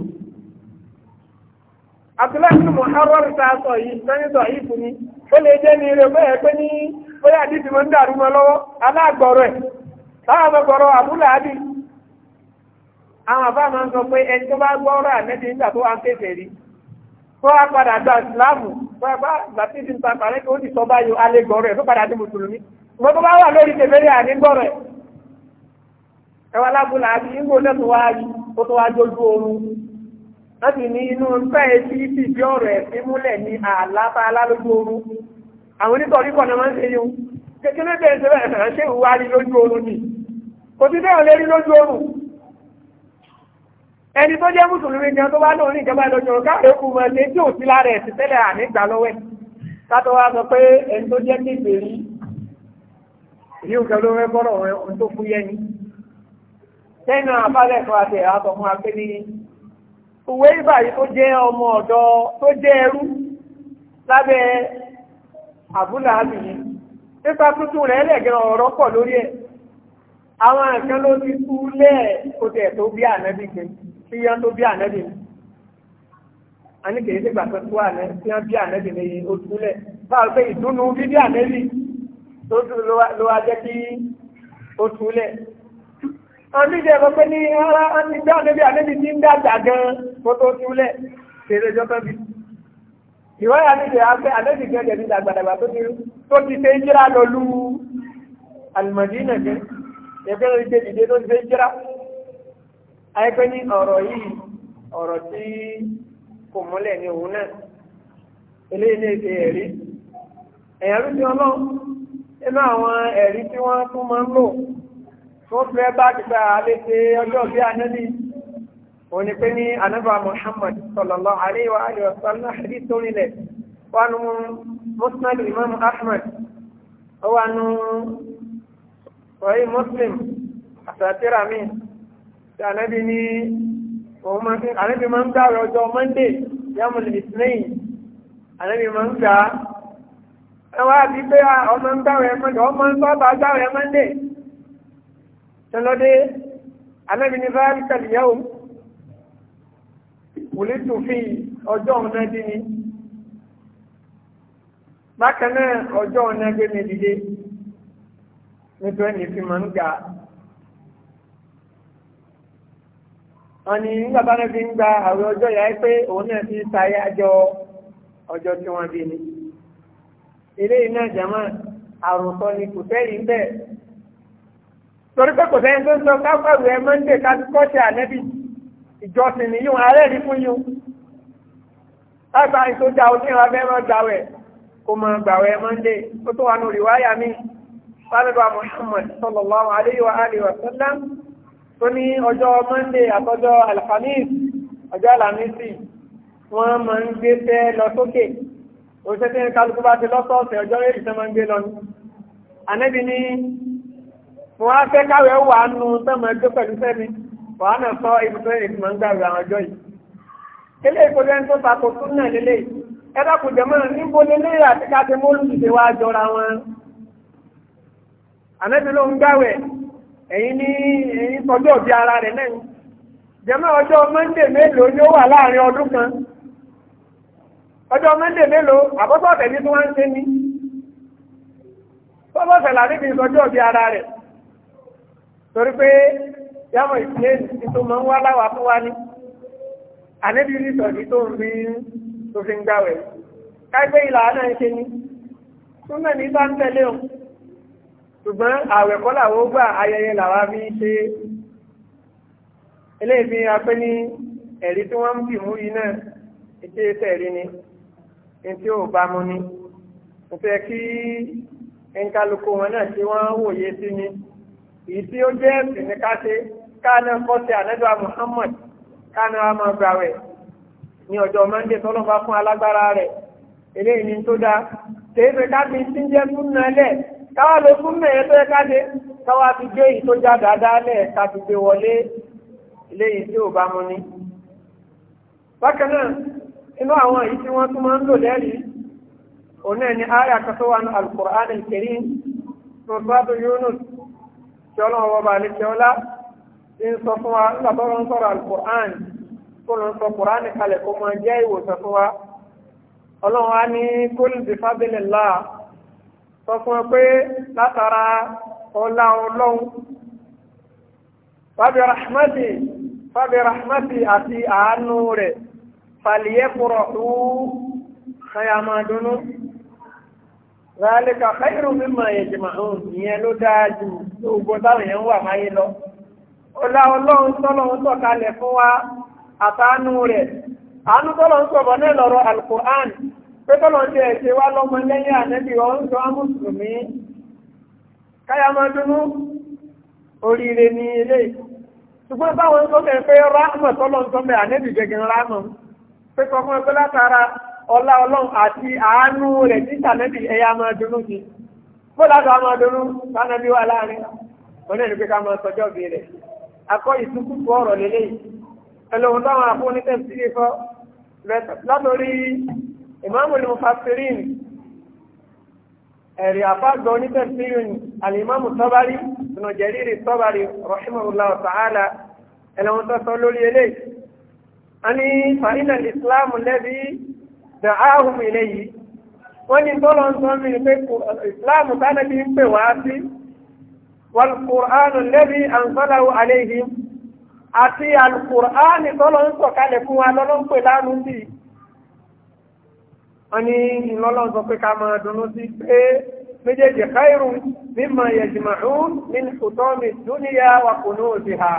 abdullahi muharrar ta sọ yìí sani sọ yìí fún mi ó lè jẹ́ ní eré bẹ́ẹ̀ pé ní bóyá àdìsí mo ń dàrú mọ́ lọ́wọ́ alágbọ̀rọ̀ ẹ̀ táwọn ọmọgbọ̀rọ̀ àbúlà àbí àwọn àbá máa ń sọ pé ẹni tó bá gbọ́rọ̀ àmẹ́tí nígbà tó wà ń kéfèé rí tó wá padà gba ìsìláàmù bá gbàtí ti ń ta láti ní inú fẹ́ etí fìdí ọ̀rọ̀ ẹ̀fín múlẹ̀ ní àlábá alálójú oorun àwọn onítọ̀rí kọ̀nà máa ń ṣe yíò kékeré bẹ́ẹ̀ ṣe ṣe ìwà rí lójú oorun ni kò sí bẹ́ẹ̀ lè rí lójú oorun ẹni tó jẹ́ mùsùlùmí ni tó bá lóun ní ìjọba lójú oorun káàkiri kù mọ́ lé tí ò sí lára ẹ̀sìn tẹ́lẹ̀ ànígbà lọ́wẹ́ kátó wá sọ pé ẹni tó jẹ́ kékeré yíò kẹ́ ló fẹ́ bọ́rọ̀ ohun tó fúyẹ́ ni sẹ́yìn náà abálẹ̀ kan àti ẹ̀ òwe ìbàyí tó jẹ́ ọmọ ọ̀dọ́ tó jẹ́ ẹrú lábẹ́ àbúlà àbìyí nípa tuntun rẹ̀ lẹ́gẹ̀rẹ̀ ọ̀rọ̀ pọ̀ lórí ẹ̀ àwọn nǹkan ló ti kú lẹ́ẹ̀ kó tó bí ànábì gbé kíyán tó bí ànábì ní àní kèé sígbà tó tó àná kíyán bí ànábì ní oṣù lẹ̀ báwo pé ìdùnnú bíbí ànábì tó ló wá jẹ́ kí oṣù lẹ̀. àwọn kó tó túlẹ̀ kéré jọ́tọ́ bí. ìwọ́yà ní ìṣe afẹ́ àdébì gẹ́gẹ́ bí àgbàdàgbà tó ti tó ti ṣe ìjírá lọ lú àlùmọ̀dínà gẹ́ ẹgbẹ́ lórí ṣe ìdè tó ti ṣe ìjírá. ayẹpẹ́ ní ọ̀rọ̀ yìí ọ̀rọ̀ tí kò múlẹ̀ ní òun náà eléyìí ní èdè ẹ̀rí ẹ̀yàn ló ti ọlọ́run nínú àwọn ẹ̀rí tí wọ́n tún máa ń lò tó fẹ́ bá ti gba àlejò ọjọ́ bí anẹ́lì òun ni pé ní anábà Muhammad sallallahu alayhi wa alihi wa sallam hadith tó nílẹ̀ wà nù musnad imam Ahmad wà nù wàyí Muslim àtàtìrà mi tí anábì ní anábì máa ń gbààwẹ̀ ọjọ́ Monday yàmùl ìsìnlẹ̀yìn anábì máa ń gbà á ẹwà àti pé ọmọ ah, ń gbàwẹ̀ Monday ọmọ ń sọ́ọ̀bà gbàwẹ̀ Monday tẹ́lọ́dé anábì ní fáyà kàlìyàwó wùlítù fi ọjọ́ ọ̀nà dín ní bákan náà ọjọ́ ọ̀nà gbé mi dìde nítorí ní fi máa ń ga wọn ni nígbà bá fi ń gba àwọn ọjọ́ yà á pé òun náà fi sáyé àjọ ọjọ́ tí wọ́n bí ni ilé iná jama àròsọ ni kò sẹ́yìn ń bẹ̀ torí pé kò sẹ́yìn tó ń sọ káfáwé ẹ mọ́ndé ká kọ́ṣẹ́ ànẹ́bí ìjọsìn ni yóò arẹ́ rí fún yóò lágbàáyé tó dá oníhàn abẹ́rẹ́ gbàwẹ̀ kò mọ̀ gbàwẹ̀ mọ́ndé ó tó wà ní òrìwáyà mi sálẹ́bà Muhammad sallallahu alayhi wa alihi wa sallam tó ní ọjọ́ mọ́ndé àtọjọ́ alhamis ọjọ́ alamisi wọ́n máa ń gbé fẹ́ lọ sókè òṣìṣẹ́ tí kálukú bá ti lọ́sọ̀ọ̀sẹ̀ ọjọ́ méjì tó máa ń gbé lọ wàá náà sọ ibùdó ìrètí máa ń gbàgbé àwọn ọjọ́ yìí ilé ìkọjẹ́ tó tako tún náà lélẹ̀ ẹ̀dá kò jẹ́ mọ́ra níbo lélẹ̀ àti káṣe mọ́lùmí ṣe wá jọra wọn ànẹ́bí ló ń gbàwẹ̀ ẹ̀yìn ní ẹ̀yìn tọjọ́ bí ara rẹ̀ náà jẹ́mọ́ ọjọ́ mọ́ndé mélòó ni ó wà láàrin ọdún kan ọjọ́ mọ́ndé mélòó àbọ́sọ̀tẹ̀ ní tí wọ́n ń ṣe ní tọ́bọ̀sẹ̀ làdébí ìtọ́jọ́ bí ara rẹ̀ torí pé yàmọ̀ ìpínlẹ̀ tó máa ń wá láwà tó wá ní ànẹ́bí nítọ̀dí tó ń rí tó fi ń gbàwẹ̀ kágbé ìlà náà ń ṣe ní súnmọ̀ ní bá ń tẹ̀lé o ṣùgbọ́n àwẹ̀ kọ́ làwọn ó gbà ayẹyẹ làwa fi ṣe eléyìí fi ní ẹ̀rí tí wọ́n ń bì mú yìí náà ètò ìṣẹ̀rí ni ní tí ò bá mu ni mo fẹ́ kí ẹnìkálukú wọn náà tí wọ́n wòye sí ni èyí tí ó jẹ́ ẹ̀sìn ní ká ṣe káàná fọ́sẹ̀ ànẹ́dọ́wà Muhammad káàná wa máa gbà rẹ̀ ní ọjọ́ mọ́ndé tọ́lọ́ bá fún alágbára rẹ̀ eléyìí ni tó dáa tèyí fẹ́ ká fi sí jẹ́ fún náà lẹ̀ káwá ló fún mẹ́ẹ̀ẹ́ tó yẹ káde káwá fi gbé èyí tó já dáadáa lẹ̀ ká fi gbé wọlé eléyìí tí ò bá mu ni. bákan náà inú àwọn èyí tí wọ́n tún máa ń lò lẹ́rìí òun náà ni àyà kan tó ní Al-Qur'an Al-Karim Yunus tí ọlọ́run ọba àlejò ọlá ń sọ fún wa nígbà tó ń sọ̀rọ̀ alukur'an tó ń sọ kur'an kalẹ̀ kó máa jẹ́ ìwòsàn fún wa ọlọ́run á ní kul bi fadlillah sọ fún wa pé látara ọlá ọlọ́run fàbí rahmati fàbí rahmati àti àánú rẹ̀ falyafrahu kàyàmàdúnú ràlẹ́kà khairu mimma yajma'un ìyẹn ló dáa ju gbogbo táwọn yẹn wà máyé lọ. ọlá ọlọ́run tọ́lọ́run sọ̀kalẹ̀ fún wa àtàánú rẹ̀ àánú tọ́lọ́run sọ̀bọ̀ náà lọ́rọ̀ alukur'an pé tọ́lọ́run ti ẹ̀ṣẹ̀ wá lọ́mọ lẹ́yìn ànẹ́bí ọ̀hún sọ mùsùlùmí káyàmọ́dúnú oríire ní ilé ṣùgbọ́n báwọn pé tọ́lọ́run mẹ́ ànẹ́bí gẹ́gẹ́ pé kọ́kọ́ pé látara ọlá ọlọ́run àti àánú rẹ̀ ẹ̀yà akọ́ ìsúnkúkú ọ̀rọ̀ lélẹ̀ ẹlòun táwọn afúnitẹ̀ sílé fọ́ látòrí ìmáàmùlù fasirin ẹ̀rì àfáàgbọ́ onítẹ̀ sílé alìmáàmù tọ́bárí ìnà jẹ̀rìrì tọ́bárí rahimahullah ta'ala ẹlòun tó sọ lórí eléyìí a ní fàínà ìsìláàmù lẹ́bí dàáhùn ilé yìí wọ́n ní tọ́lọ́ ń sọ mí pé ìsìláàmù tánàbí ń pè wá sí والقرآن الذي أنزله عليهم àti alukur'ani tọ́lọ ń sọ̀kalẹ̀ fún wa lọ́lọ́ ń pè lánú sí i wọ́n ní ìlọ́lọ́ sọ pé ká máa dùnnú sí pé méjèèjì káìrù mímọ yẹ̀jìmọ̀rú ní ìfòtọ́mì dúníyà wà kò ní òsì ha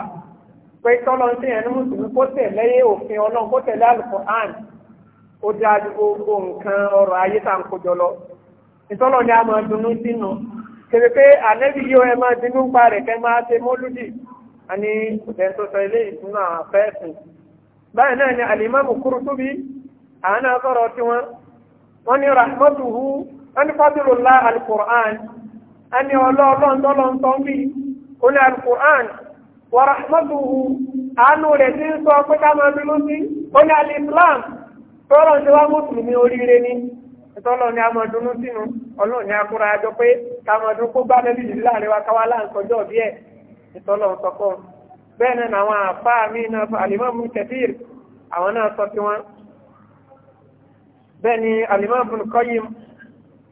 pé tọ́lọ ń tẹ̀yẹ̀ ní mùsùlùmí kó tẹ̀lé òfin ọlọ́run kó ni a máa sínú. kèrè pé ànẹ́bí yóò ẹ máa dinú pa rẹ̀ kẹ́ máa ṣe mọ́lúdì a ní ni alimamu Kurtubi àwọn náà sọ̀rọ̀ tí wọ́n wọ́n ní hu wọ́n ní fadulullah alukur'an a ní ọlọ́ọ̀lọ́ntọ́lọ́ntọ́ bí ó ní alukur'an wa rahmatuhu àánú rẹ̀ ti ń sọ pé ká máa bínú sí ó ní alìsílám tọ́lọ́ ní wá mùsùlùmí oríire ni tọ́lọ́ a máa dunú kámọdún kó bá lẹ́bí yìí láàrin wa káwá láǹkọjọ́ bí ẹ̀ ìtọ́lọ̀ sọ́kọ́ bẹ́ẹ̀ náà àwọn àfáà mí náà alimọ́mù kẹfìr àwọn náà sọ sí wọn bẹ́ẹ̀ ni alimọ́mù kọ́yìm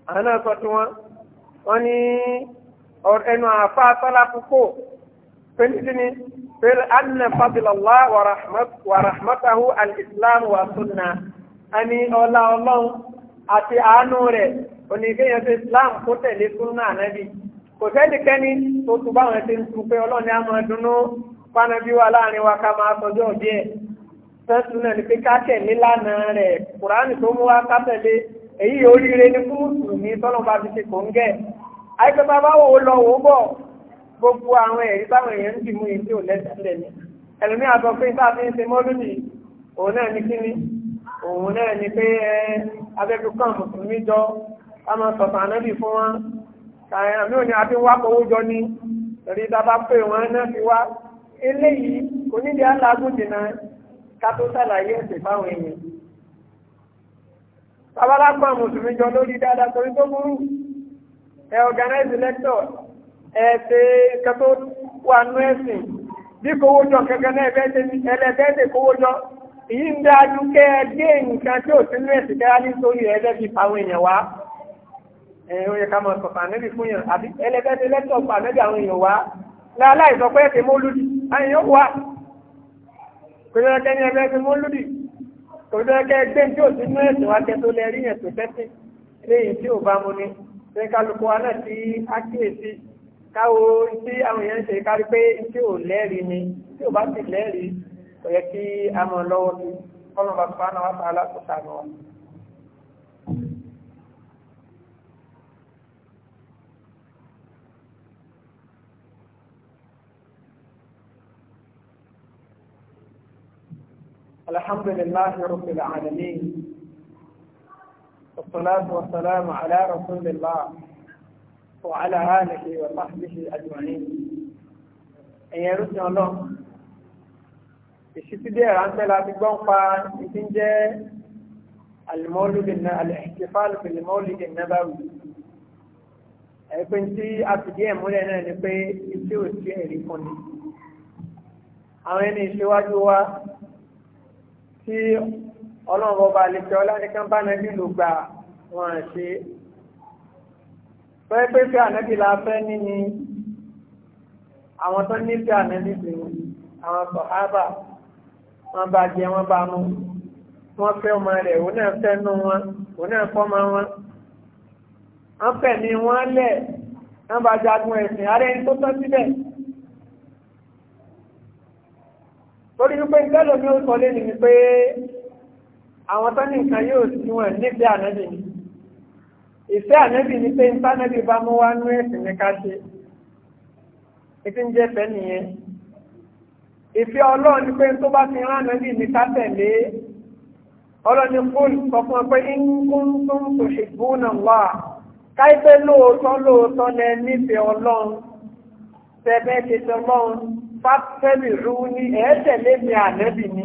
àwọn náà sọ sí wọn wọ́n ní ẹnu àfáà sọ́lá púpọ̀ pẹ́ntìní pẹ́lú anna fadilọ́lá wa rahmatahu al-islam àti àánú rẹ̀ oníkéyàn ṣe Islam kó tẹ̀lé súnà ànábì kò sẹ́nikẹ́ni tó tún báwọn ṣe ń tu pé ọlọ́ni á máa dunnú pánábí wa láàrin wa ká máa sọjọ́ díẹ̀ sẹ́sùn náà ni pé ká tẹ̀lé lánàá rẹ̀ kùránì tó mú wa ká tẹ̀lé èyí oríire ní fún mùsùlùmí tọ́lọ́ bá fi ṣe kò ń gẹ̀ àìpẹ́ bàbá wo wò ó bọ̀ gbogbo àwọn ẹ̀rí táwọn èèyàn ń dìmú yìí tí ò lẹ́sẹ̀ ni ẹlòmí àtọ pé tá a fi ń ṣe mọ́lúdì òun náà ní kíní òun náà ní pé abẹ́bí kan mùsùlùmí jọ ká máa sọ̀tàn ànábì fún wọn àmì òní àti wá kówó jọ ní torí dábà pé wọn náà fi wá eléyìí kò nídìí alágùn dènà ká tó sàlàyé ẹ̀sẹ̀ fáwọn èèyàn babalápá mùsùlùmí jọ lórí dáadáa torí tó burú ẹ organize lecture ẹ ṣe kẹtó wà nú ẹ̀sìn bí kówó jọ náà ẹ̀fẹ́ ṣe ẹlẹ́fẹ́ ṣe kówó ń dájú kẹ́ ẹ dé nǹkan tí ò sínú ẹ̀sìn kẹ́ra nítorí ẹ̀fẹ́ fi fáwọn èèyàn wá ẹ̀rọ yẹ ká máa sọ̀fà nẹ́bí fún yàn àbí lẹ́tọ̀ pa nẹ́bí àwọn èèyàn wá láàláì sọ mọ́lúdì àyàn wá kò ní ẹgbẹ́ ẹ̀sẹ̀ mọ́lúdì kò ẹgbẹ́ tí ò sí inú ẹ̀sìn wákẹ́ tó lẹ rí yẹn tó tẹ́sí tí ò bá ni wa ti ákíyèsí káwo tí àwọn èèyàn ń ṣe الحمد لله رب العالمين والصلاة والسلام على رسول الله وعلى آله وصحبه أجمعين ẹ̀yin ẹrú sí ọlọ́run ìṣítí díẹ̀ ráńpẹ́ láti gbọ́n pa ìdí ń jẹ́ al-ihtifal bil-mawlid an-nabawi ẹ̀pẹ́ tí a fi díẹ̀ múlẹ̀ náà ni pé iṣẹ́ òṣìṣẹ́ ẹ̀rí fún ni àwọn ẹni ìṣíwájú wa tí ọlọ́run ọba àlejò ọlánìkan bá nàbí ló gbà wọn ṣe fẹ́ pé fẹ́ ànábì la fẹ́ níní àwọn tó ní fẹ́ ànábì sí àwọn sọ̀hábà wọn bá jẹ wọn bá mú wọn fẹ́ ọmọ rẹ̀ òun náà fẹ́ nú wọn òun náà fọ́ ọmọ wọn wọn ni wọn lẹ̀ wọn bá jagun ẹ̀sìn ààrẹ ẹni tó tọ́ síbẹ̀. torí wípé ìgbẹ́lò ní ó sọ lé ní wípé àwọn tó ní nǹkan yóò sí wọn nífẹ̀ẹ́ ànábì ni ìfẹ́ ànábì ni pé ìfánẹ́bì bá mú wá nú ẹ̀sìn ní ká ṣe ìfi ń jẹ́fẹ́ nìyẹn ìfẹ́ ọlọ́run ni pé tó bá fi rán ànábì ní ká tẹ̀lé ọlọ́run ni kó sọ fún ọ pé ńkún tó ń kò ṣe gbóná wà káyipẹ́ lóòótọ́ lóòótọ́ lẹ nífẹ̀ẹ́ ọlọ́run tẹ̀bẹ́ ṣe tọ́lọ́run fásitẹ́lì rú ní ẹ̀ẹ́tẹ̀lé mi ànẹ́bì ni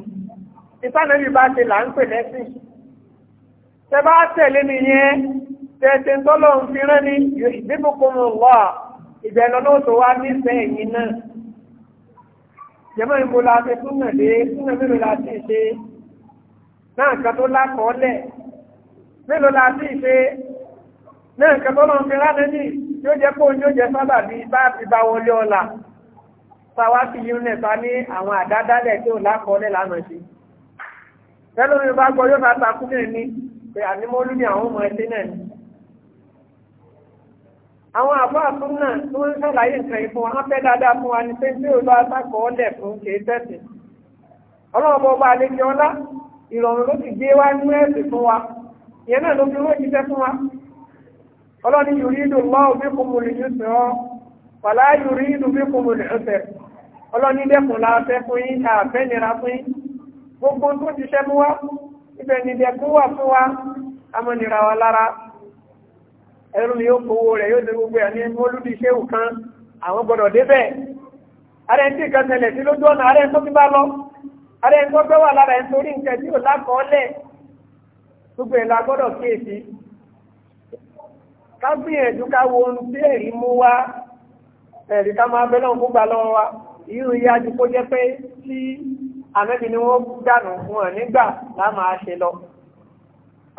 ìtànẹ́bì bá ṣe là ń pè lẹ́sìn tẹ bá tẹ̀lé mi yẹn tẹ̀sẹ̀ tọ́lọ̀ ń fi rán ní ìdíbùkún wà ìbẹ̀rẹ̀ náà tó wá nífẹ̀ẹ́ yìí náà jẹ́mọ́ ìbò la fi túnmọ̀ dé túnmọ̀ mélòó la ti ṣe náà nǹkan tó lákọọ́lẹ̀ mélòó la ti ṣe náà nǹkan tó lọ́n fi rán ní yóò jẹ́ kó yóò jẹ́ sábàbí bá fi bá wọlé ọ̀la sáwá sí unit ta ní àwọn àdádálẹ̀ tí ò lákọọ́lẹ̀ lánàá ṣe tẹ́lú mi bá gbọ́ yóò bá takú náà ní pé ànímọ́lú ni àwọn ọmọ ẹtí náà ní. àwọn àbọ̀ àtún náà tó ń ṣàlàyé nǹkan ìfún wọn fẹ́ dáadáa fún wa ní pé tí ò bá sákọọ́lẹ̀ fún kìí tẹ̀sí. ọlọ́run bọ́ bá àlejò ọlá ìrọ̀rùn ló ti gbé wá nínú ẹ̀sìn fún wa ìyẹn náà ló fi wọ́n jíṣẹ́ fún wa. ọlọ́run yìí rí lò lọ́ọ̀ wàlá yùrí inú bí kò mọ̀lẹ̀ ọ̀sẹ̀ ọlọ́nidẹ́kùn la fẹ́ fún yín àfẹ́ nira fún yín gbogbo tó ti ṣẹ́ mú wá ibẹ̀ nìdẹ̀kùn wà fún wa amọ̀nira wa lára ẹrù ni yóò kówó rẹ̀ yóò ṣe gbogbo ẹ̀ ní mọ́lúdì ṣéwù kan àwọn gbọ́dọ̀ débẹ̀ ààrẹ tí kan tẹ̀lẹ̀ sí lójú ọ̀nà ààrẹ tó ti bá lọ ààrẹ tó fẹ́ wà lára ẹ̀ torí nǹkan tí ò lákọọ́lẹ̀ gbogbo ẹ̀ la gbọ́dọ̀ kíyèsí ká gbìyànjú ká wo ohun tí ẹ̀rí mú wá ẹ̀rí ká máa bẹ́ náà gbúgbà lọ́wọ́ wa irú yá ju kó jẹ́ pé tí àmẹ́bí ni wọ́n dànù fún ẹ̀ nígbà lá máa ṣe lọ.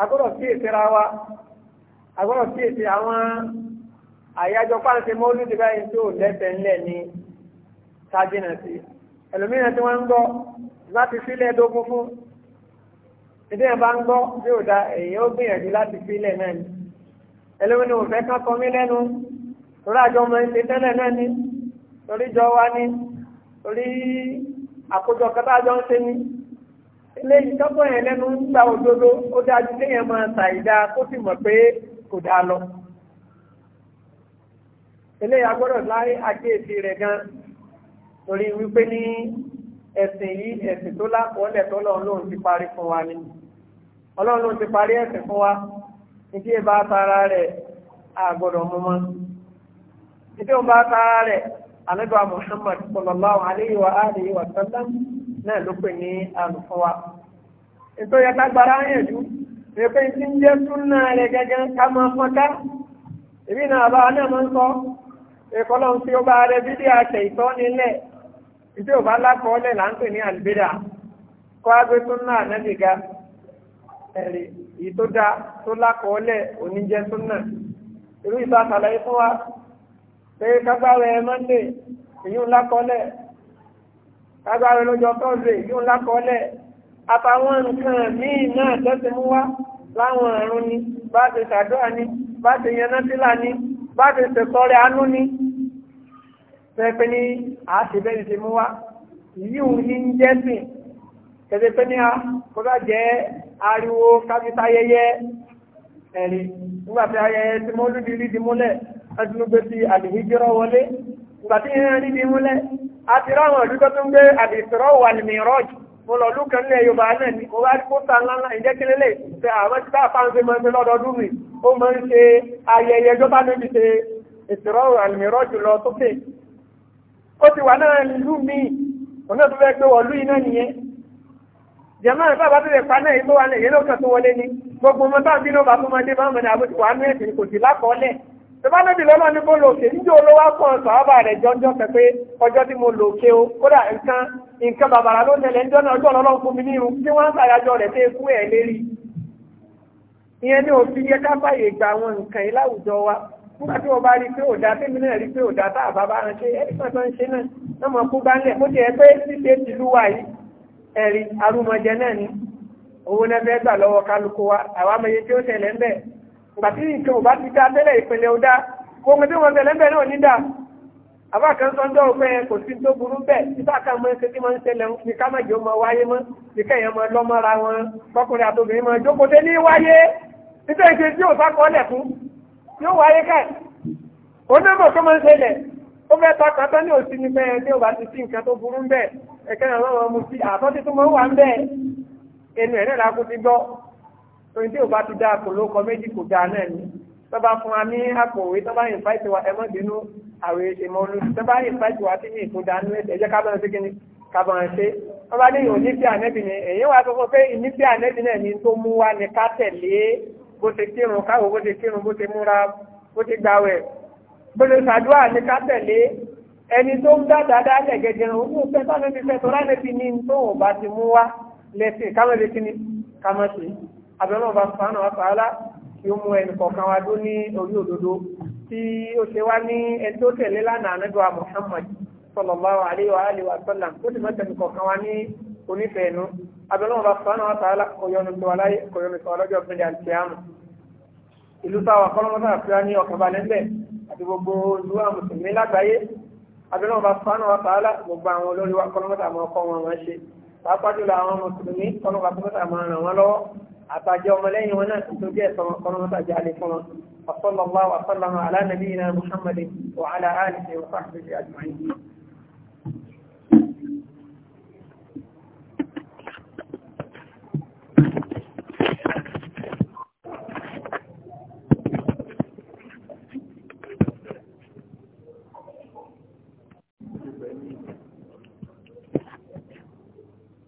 agbọ́dọ̀ sí èsì ra wa agbọ́dọ̀ sí èsì àwọn àyájọ páńṣe mọ́lúdì báyìí tí ò lẹ́sẹ̀ ńlẹ̀ ni sájìnà sí ẹlòmíràn tí wọ́n ń gbọ́ láti sílẹ̀ dógún fún ìdí ẹ̀ bá ń gbọ́ bí ò da èyí ó gbìyànjú láti sílẹ̀ náà ni ẹlòmíràn ò fẹ́ kán kọ mí lẹ́nu torí àjọ ọmọ ẹni tẹ́lẹ̀ náà ni torí jọ wá ní torí àkójọ kẹta àjọ ń ṣe ní ilé ìtọ́kọ̀ yẹn lẹ́nu ń gba òdodo ó dájú kéèyàn máa ṣàìdá kó sì mọ̀ pé kò dáa lọ. eléyà gbọ́dọ̀ láyé àkíyèsí rẹ̀ gan torí wípé ní ẹ̀sìn yìí ẹ̀sìn tó lápọ̀ọ́lẹ̀ tó lọ́run lóun ti parí fún wa ni ọlọ́run lóun ti parí ẹ̀sìn fún wa ní kí ẹ bá tara rẹ̀ àgbọ̀dọ̀ mú ìdí ọba tààrà rẹ̀ ànábì Muhammad sallallahu alayhi wa alihi wa sallam náà ló pè ní àlùfọ́wà ètò yẹ ká gbára yànjú èpè tí ń jẹ́ súnà rẹ̀ gẹ́gẹ́ ká máa fọ́nká ìbí náà bá náà máa ń sọ ìkọlọ́n tí ó bá rẹ bídí àṣẹ ìtọ́ nílẹ̀ ìdí ọba lákọọ́lẹ̀ là ń pè ní àlùbídà kọ́ agbé súnà ànábì ẹ̀rì ìtó tó lákọọ́lẹ̀ òní jẹ́ súnà irú ìbá pé kágbára ẹ mọ́ndé èyí ń lákọ́lẹ̀ kágbára ẹ lọ́jọ́ tọ́sí èyí ń lákọ́lẹ̀ àtàwọn nǹkan míì náà tẹ́sí mú wá láwọn àrùn ni bá ti ṣàdúrà ni bá ti yẹnátílà ni bá ti ṣètọrẹ àánú ni pẹ́pẹ́ ní àṣìbẹ́ni ti mú wá yíò ní ń jẹ́ sìn kẹ́sẹ̀ pé ní a kó bá jẹ́ ariwo kábíta ayẹyẹ ẹ̀rí nígbàtí ayẹyẹ tí mo lùdí rí di múlẹ̀ ẹdínúgbé ti àlìhíjírọ́ wọlé gbàtí ìhìn níbi múlẹ̀ àti ráwọn ìdúkọ́ tó ń gbé àlìsírọ́ wà ní mìírọ́jù mo lọ lúkẹ́ ní ẹyọba náà ní o wá rí pósà ńláńlá ìjẹ́kẹ́lẹ́lẹ̀ tẹ àwọn tí táà fáńsẹ́ máa ń gbé lọ́dọọdún mi ó máa ń ṣe ayẹyẹ ìjọba níbi ṣe ìsìrọ́ àlìmírọ́jù lọ sókè ó ti wà náà ìlú mi òun náà tó fẹ́ gbé wọ̀lú iná nìyẹn jẹ̀mọ́ ìfẹ́ bá tẹ̀lé pa náà ìlú wa ló kàn tó wọlé ni gbogbo ọmọ táà bínú bàbá ọmọdé bá mọ̀ ní àbúrò wà ní ẹ̀sìn kò sí lákọọ́lẹ̀ tọ́bá níbi lọ́nà ní mo lòkè níjó olówó pọ̀ sàábà rẹ̀ jọ́njọ́ pẹ̀ pé ọjọ́ tí mo lòkè o kódà nǹkan nǹkan bàbàrà ló tẹ̀lé ń jọ́nà ọjọ́ ọlọ́run fún mi ní irun tí wọ́n ń sàyájọ́ rẹ̀ tẹ́ fún ẹ̀ lérí ìyẹn ní òfin yẹ ká fàyè gba àwọn nǹkan láwùjọ wa nígbà tí wọ́n bá rí pé ò dá tèmi náà rí pé ò dá táà bàbá rẹ̀ ṣe ẹ̀ẹ́dẹ́gbọ́n tó ń ṣe náà náà mọ̀ kú bá ń lẹ̀ mo ti ẹ̀ pé ṣíṣe tìlú wa yìí ẹ̀rí arúmọjẹ náà ni owó náà fẹ́ gbà lọ́wọ́ kálukú wa àwa mọ̀ iye tí ó ṣẹlẹ̀ ń bẹ̀ gbàtí nǹkan ò bá ti dá tẹ́lẹ̀ ìpínlẹ̀ ò dá kó ohun tí wọ́n bẹ̀rẹ̀ bẹ̀rẹ̀ náà ní dá àbá kan sọ ńdọ́ òpin kò sí tó burú bẹ́ẹ̀ nígbà ká mọ ẹsẹ̀ tí wọ́n ń ṣẹlẹ̀ ní ká má jẹ́ ọmọ wáyé mọ́ ní kẹ́yìn máa lọ́mọ́ra wọn kọkùnrin àtòbìnrin máa jókòó tẹ́ ní wáyé nítorí ìṣe tí yóò sákọ̀ ọ́lẹ̀ fún yóò wáyé ká onímọ̀ tó máa ń ṣẹlẹ̀ ó fẹ́ ta kan tán ní òsì ní bẹ́ẹ̀ ní òbá ti sí nǹkan tó burú bẹ́ẹ̀ ẹ̀kẹ́ torí tí o bá ti dá àpò ló kọ méjì kò dáa náà ni tọ́ba fún wa ní àpò òwe tọ́ba yìí fáìtì wa ẹmọ́ dínú àwẹ̀ ìmọ̀ olùsí tọ́ba yìí fáìtì wa tí yìí kò dáa nú ẹ̀sẹ̀ ẹ̀jẹ̀ kábọ̀n sí kíni kábọ̀n ṣe tọ́ba ní ìhòòhò níbi ànẹ́bì ni èyí wa sọ fún pé níbi ànẹ́bì náà ni tó mú wa ní ká tẹ̀lé bó ṣe kírun káwọ bó ṣe kírun bó ṣe múra bó ṣe gbàwẹ̀ bó ṣe ṣàdúrà ní abẹ́rẹ́ ọba sàánà wa sàálà kí ó mú ẹnì kọ̀ọ̀kan wa dún ní orí òdodo tí ó ṣe wá ní ẹni tó tẹ̀lé lánàá anábíwá Muhammad sallallahu alaihi wa alihi wa sallam tó sì mọ́tẹ̀ ní kọ̀ọ̀kan wa ní onífẹ̀ẹ́nu abẹ́rẹ́ ọba sàánà wa sàálà kọ̀yọ́nu tó wà láyé kọ̀yọ́nu tó wà lọ́jọ́ ìpínlẹ̀ àlùkìyàmù ìlú táwa kọ́lọ́mọ́tà àfíà ní ọ̀kọ̀balẹ̀ ńbẹ̀ àti gbogbo olúwa mùsùlùmí lágbàáyé abẹ́rẹ́ ọba sàánà wa sàálà gbogbo àwọn olórí wa kọ́lọ́mọ́tà àmọ́ ọkọ̀ wọn wọn ṣe pàápàá jùlọ àwọn mùsùlùmí kọ́lọ́mọ́tà àmọ́ ràn wọn lọ́wọ́ أتاجي أمليه وناس سجية صلى الله عليه وسلم على نبينا محمد وعلى آله وصحبه أجمعين